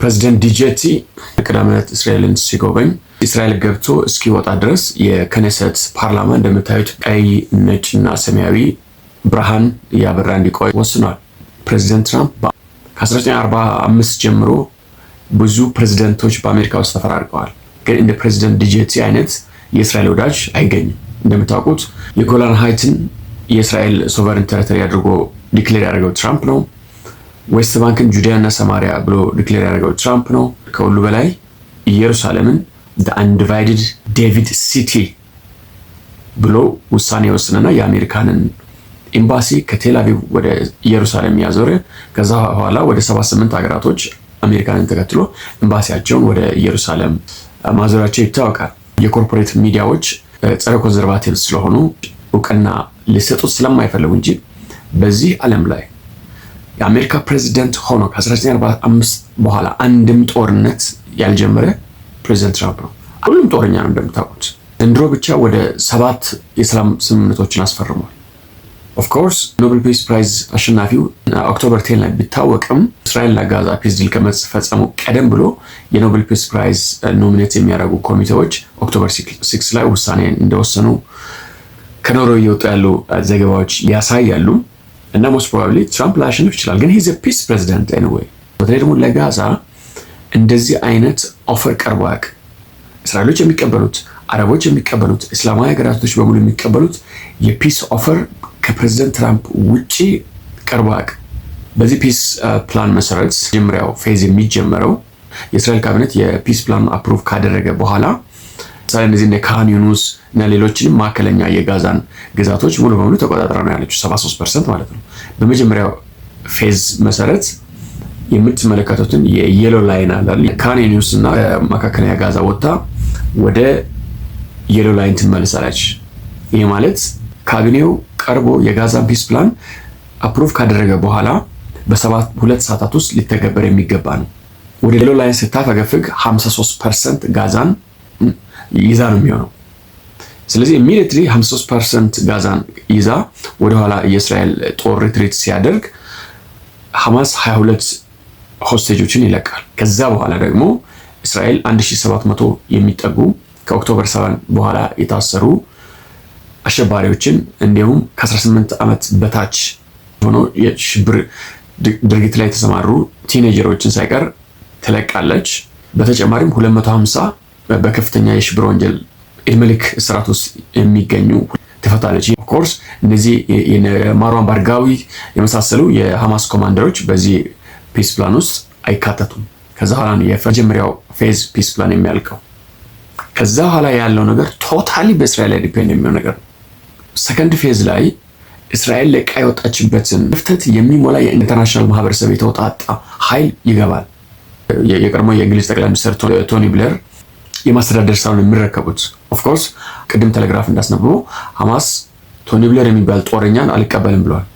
ፕሬዚደንት ዲጄቲ ቅዳሜ ዕለት እስራኤልን ሲጎበኝ እስራኤል ገብቶ እስኪወጣ ድረስ የከነሰት ፓርላማ እንደምታዩት ቀይ ነጭና ሰማያዊ ብርሃን እያበራ እንዲቆይ ወስኗል። ፕሬዚደንት ትራምፕ ከ1945 ጀምሮ ብዙ ፕሬዚደንቶች በአሜሪካ ውስጥ ተፈራርቀዋል። ግን እንደ ፕሬዚደንት ዲጄቲ አይነት የእስራኤል ወዳጅ አይገኝም። እንደምታውቁት የጎላን ሀይትን የእስራኤል ሶቨርን ቴሪተሪ አድርጎ ዲክሌር ያደረገው ትራምፕ ነው። ዌስት ባንክን ጁዲያና ሰማሪያ ብሎ ዲክሌር ያደረገው ትራምፕ ነው። ከሁሉ በላይ ኢየሩሳሌምን አንዲቫይድድ ዴቪድ ሲቲ ብሎ ውሳኔ የወሰነና የአሜሪካንን ኤምባሲ ከቴላቪቭ ወደ ኢየሩሳሌም ያዞረ። ከዛ በኋላ ወደ 78 ሀገራቶች አሜሪካንን ተከትሎ ኤምባሲያቸውን ወደ ኢየሩሳሌም ማዞራቸው ይታወቃል። የኮርፖሬት ሚዲያዎች ጸረ ኮንዘርቫቲቭ ስለሆኑ እውቅና ሊሰጡት ስለማይፈልጉ እንጂ በዚህ ዓለም ላይ የአሜሪካ ፕሬዚደንት ሆኖ ከ1945 በኋላ አንድም ጦርነት ያልጀመረ ፕሬዚደንት ትራምፕ ነው። ሁሉም ጦረኛ ነው እንደምታውቁት። ዘንድሮ ብቻ ወደ ሰባት የሰላም ስምምነቶችን አስፈርሟል። ኦፍኮርስ ኖብል ፒስ ፕራይዝ አሸናፊው ኦክቶበር ቴን ላይ ቢታወቅም እስራኤልና ጋዛ ፒስ ዲል ከመፈጸሙ ቀደም ብሎ የኖብል ፒስ ፕራይዝ ኖሚኔት የሚያደርጉ ኮሚቴዎች ኦክቶበር ሲክስ ላይ ውሳኔ እንደወሰኑ ከኖሮ እየወጡ ያሉ ዘገባዎች ያሳያሉ። እና ሞስት ፕሮባብሊ ትራምፕ ላሸንፍ ይችላል። ግን ሂዝ ፒስ ፕሬዚደንት ኤኒዌይ። በተለይ ደግሞ ለጋዛ እንደዚህ አይነት ኦፈር ቀርቦ እስራኤሎች የሚቀበሉት አረቦች የሚቀበሉት እስላማዊ ሀገራቶች በሙሉ የሚቀበሉት የፒስ ኦፈር ከፕሬዚደንት ትራምፕ ውጪ ቀርቦ አያውቅም። በዚህ ፒስ ፕላን መሰረት መጀመሪያው ፌዝ የሚጀመረው የእስራኤል ካቢኔት የፒስ ፕላን አፕሩቭ ካደረገ በኋላ ምሳሌ እነዚህ ካን ዩኑስ እና ሌሎችንም ማዕከለኛ የጋዛን ግዛቶች ሙሉ በሙሉ ተቆጣጥራ ነው ያለችው 73 ፐርሰንት ማለት ነው። በመጀመሪያው ፌዝ መሰረት የምትመለከቱትን የየሎ ላይን አላል ካን እና መካከለኛ ጋዛ ወጥታ ወደ የሎ ላይን ትመልሳለች። ይህ ማለት ካቢኔው ቀርቦ የጋዛን ፒስ ፕላን አፕሩቭ ካደረገ በኋላ በሰባት ሰዓታት ውስጥ ሊተገበር የሚገባ ነው። ወደ ሌሎ ላይን ስታፈገፍግ 53 ፐርሰንት ጋዛን ይዛ ነው የሚሆነው። ስለዚህ ኢሚዲየትሊ 53 ፐርሰንት ጋዛን ይዛ ወደኋላ የእስራኤል ጦር ሪትሪት ሲያደርግ ሐማስ 22 ሆስቴጆችን ይለቃል። ከዛ በኋላ ደግሞ እስራኤል 1700 የሚጠጉ ከኦክቶበር 7 በኋላ የታሰሩ አሸባሪዎችን እንዲሁም ከ18 ዓመት በታች ሆኖ የሽብር ድርጊት ላይ የተሰማሩ ቲኔጀሮችን ሳይቀር ትለቃለች። በተጨማሪም 250 በከፍተኛ የሽብር ወንጀል የመልክ ስርዓት ውስጥ የሚገኙ ተፈታለች። ኦፍኮርስ እነዚህ ማርዋን ባርጋዊ የመሳሰሉ የሐማስ ኮማንደሮች በዚህ ፒስ ፕላን ውስጥ አይካተቱም። ከዛ ኋላ ነው የመጀመሪያው ፌዝ ፒስ ፕላን የሚያልቀው። ከዛ ኋላ ያለው ነገር ቶታሊ በእስራኤል ላይ ዲፔንድ የሚሆን ነገር ነው። ሰከንድ ፌዝ ላይ እስራኤል ለቃ የወጣችበትን ክፍተት የሚሞላ የኢንተርናሽናል ማህበረሰብ የተወጣጣ ኃይል ይገባል። የቀድሞ የእንግሊዝ ጠቅላይ ሚኒስትር ቶኒ ብለር የማስተዳደር ነው የሚረከቡት። ኦፍኮርስ ቅድም ቴሌግራፍ እንዳስነብቦ ሐማስ ቶኒ ብለር የሚባል ጦረኛን አልቀበልም ብለዋል።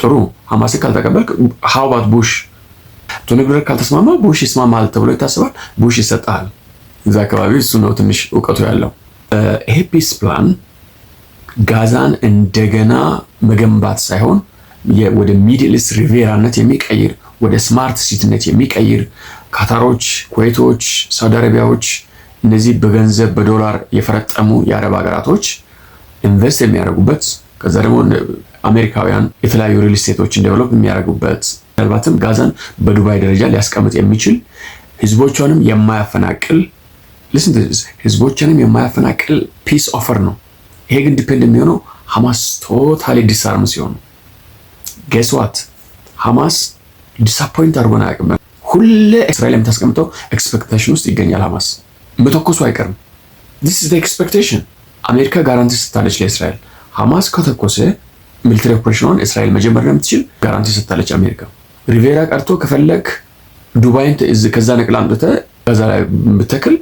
ጥሩ ሐማስን ካልተቀበል ሀውባት ቡሽ ቶኒ ብለር ካልተስማማ ቡሽ ይስማማል ተብሎ ይታስባል። ቡሽ ይሰጣል። እዚ አካባቢ እሱ ነው ትንሽ እውቀቱ ያለው። ይሄ ፒስ ፕላን ጋዛን እንደገና መገንባት ሳይሆን ወደ ሚድል ኢስት ሪቬራነት የሚቀይር ወደ ስማርት ሲትነት የሚቀይር ካታሮች፣ ኩዌቶች፣ ሳውዲ አረቢያዎች እነዚህ በገንዘብ በዶላር የፈረጠሙ የአረብ ሀገራቶች ኢንቨስት የሚያደርጉበት ከዛ ደግሞ አሜሪካውያን የተለያዩ ሪል ስቴቶችን ዴቨሎፕ የሚያደርጉበት ምናልባትም ጋዛን በዱባይ ደረጃ ሊያስቀምጥ የሚችል ህዝቦቿንም የማያፈናቅል ልስን ህዝቦቿንም የማያፈናቅል ፒስ ኦፈር ነው። ይሄ ግን ዲፔንድ የሚሆነው ሐማስ ቶታሊ ዲስአርም ሲሆኑ ጌስዋት ሐማስ ዲስአፖይንት አድርጎን አያውቅም። ሁሌ እስራኤል የምታስቀምጠው ኤክስፔክቴሽን ውስጥ ይገኛል ሐማስ መተኮሱ አይቀርም። ዚስ ኢዝ ዘ ኤክስፔክቴሽን። አሜሪካ ጋራንቲ ሰጥታለች ለእስራኤል። ሐማስ ከተኮሰ ሚሊተሪ ኦፕሬሽኗን እስራኤል መጀመር የምትችል ጋራንቲ ሰጥታለች አሜሪካ። ሪቬራ ቀርቶ ከፈለግ ዱባይን ከዛ ነቅላ አምጥተ ጋዛ ላይ ብትተክል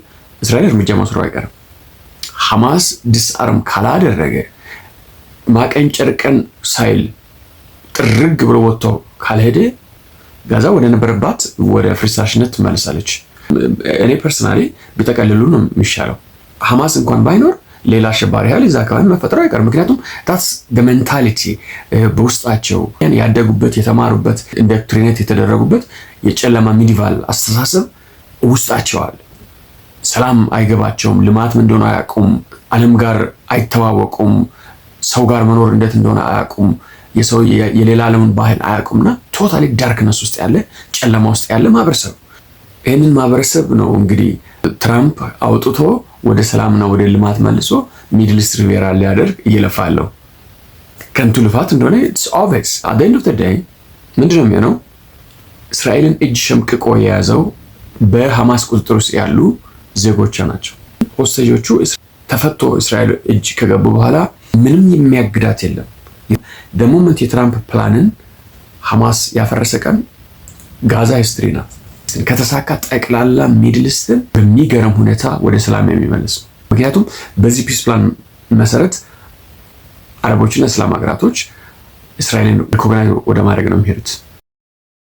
እስራኤል እርምጃ መውሰዱ አይቀርም። ሐማስ ዲስአርም ካላደረገ ማቀን ጨርቀን ሳይል ጥርግ ብሎ ወጥቶ ካልሄደ ጋዛ ወደ ነበረባት ወደ ፍርስራሽነት ትመለሳለች። እኔ ፐርሰናሊ ቢጠቀልሉ ነው የሚሻለው። ሀማስ እንኳን ባይኖር ሌላ አሸባሪ ያህል እዛ አካባቢ መፈጠሩ አይቀርም። ምክንያቱም ታስ በሜንታሊቲ በውስጣቸው ያደጉበት የተማሩበት ኢንዶክትሪኔት የተደረጉበት የጨለማ ሚዲቫል አስተሳሰብ ውስጣቸዋል። ሰላም አይገባቸውም። ልማት ምን እንደሆነ አያውቁም። ዓለም ጋር አይተዋወቁም። ሰው ጋር መኖር እንዴት እንደሆነ አያውቁም። የሰው የሌላ ዓለምን ባህል አያውቁምና ቶታሊ ዳርክነስ ውስጥ ያለ ጨለማ ውስጥ ያለ ማህበረሰብ ይህንን ማህበረሰብ ነው እንግዲህ ትራምፕ አውጥቶ ወደ ሰላምና ወደ ልማት መልሶ ሚድልስ ሪቬራ ሊያደርግ እየለፋለሁ። ከንቱ ልፋት እንደሆነ ኦቨስ አደንዱ ተዳይ ምንድን ነው የሚሆነው? እስራኤልን እጅ ሸምቅቆ የያዘው በሐማስ ቁጥጥር ውስጥ ያሉ ዜጎቿ ናቸው። ሆስቴጆቹ ተፈቶ እስራኤል እጅ ከገቡ በኋላ ምንም የሚያግዳት የለም። ደሞመንት የትራምፕ ፕላንን ሐማስ ያፈረሰ ቀን ጋዛ ሂስትሪ ናት። ከተሳካ ጠቅላላ ሚድልስትን በሚገርም ሁኔታ ወደ ሰላም የሚመልስ ነው። ምክንያቱም በዚህ ፒስ ፕላን መሰረት አረቦችና እስላም ሀገራቶች እስራኤልን ሪኮግናይዝ ወደ ማድረግ ነው የሚሄዱት።